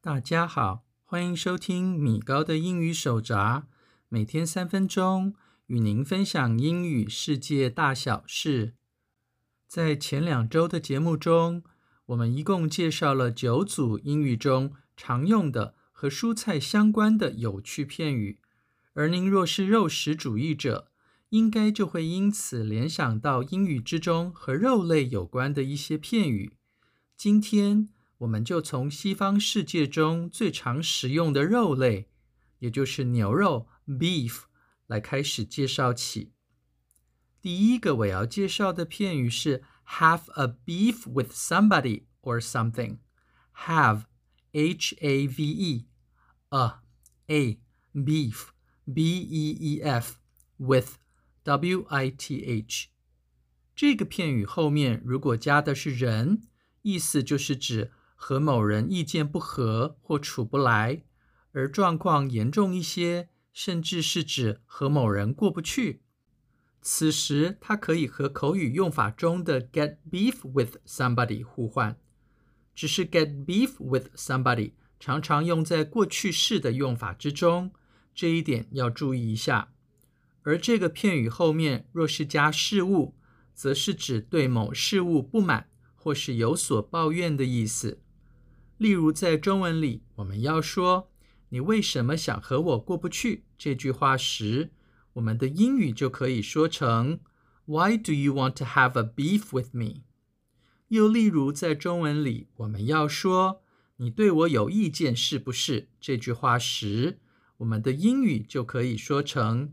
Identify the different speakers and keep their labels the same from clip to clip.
Speaker 1: 大家好，歡迎收聽米高的英語手札，每天三分鐘，與您分享英語世界大小事。在前兩周的節目中，我們一共介紹了九組英語中常用的和蔬菜相關的有趣片語，而您若是肉食主義者，應該就會因此聯想到英語之中和肉類有關的一些片語。今天我們就從西方世界中最常食用的肉類，也就是牛肉 （beef） 來開始介紹起。第一個我要介紹的片語是 “have a beef with somebody or something”。Have，H-A-V-E，a，a beef，B-E-E-F with。With 這個片語後面如果加的是人，意思就是指和某人意見不合或處不來，而狀況嚴重一些，甚至是指和某人過不去。此時它可以和口語用法中的 get beef with somebody 互換，只是 get beef with somebody 常常用在過去式的用法之中，這一點要注意一下。而這個片語後面若是加事物，則是指對某事物不滿或是有所抱怨的意思。例如，在中文裡，我們要說“你為什麼想和我過不去”這句話時，我們的英語就可以說成 “Why do you want to have a beef with me？” 又例如，在中文裡，我們要說“你對我有意見是不是”這句話時，我們的英語就可以說成。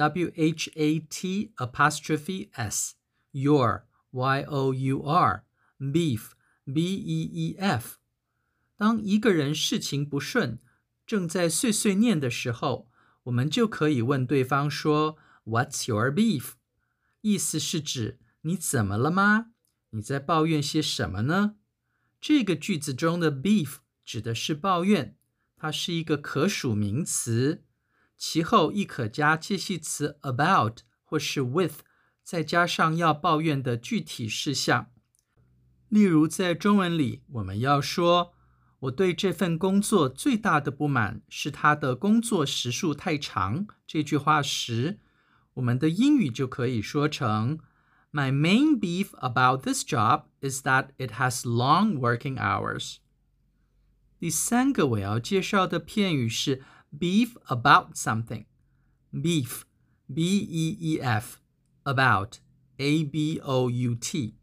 Speaker 1: W-h-a-t-'-s, your y-o-u-r, beef, b-e-e-f. 當一個人事情不順，正在碎碎念的時候，我們就可以問對方說 "What's your beef?" 意思是指你怎麼了嗎？你在抱怨些什麼呢？這個句子中的 beef 指的是抱怨，它是一個可數名詞。其後亦可加介系詞 about 或是 with，再加上要抱怨的具體事項。例如，在中文裡，我們要說我對這份工作最大的不滿是他的工作時數太長，這句話時，我們的英語就可以說成 My main beef about this job is that it has long working hours。第三個我要介紹的片語是。Beef about something, beef, B-E-E-F, about, A-B-O-U-T。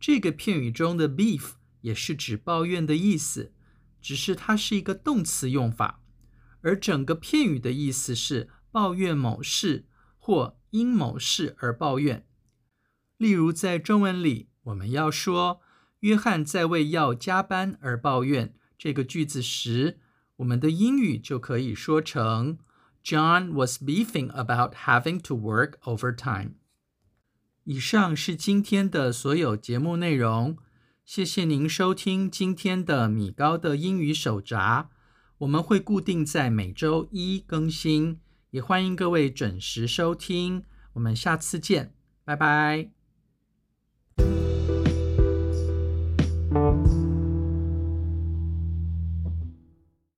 Speaker 1: 這個片語中的 beef 也是指抱怨的意思，只是它是一個動詞用法，而整個片語的意思是抱怨某事或因某事而抱怨。例如，在中文裡，我們要說約翰在為要加班而抱怨這個句子時。我們的英語就可以說成：John was beefing about having to work overtime。以上是今天的所有節目內容，謝謝您收聽今天的米高的英語手札。我們會固定在每週一更新，也歡迎各位準時收聽。我們下次見，拜拜。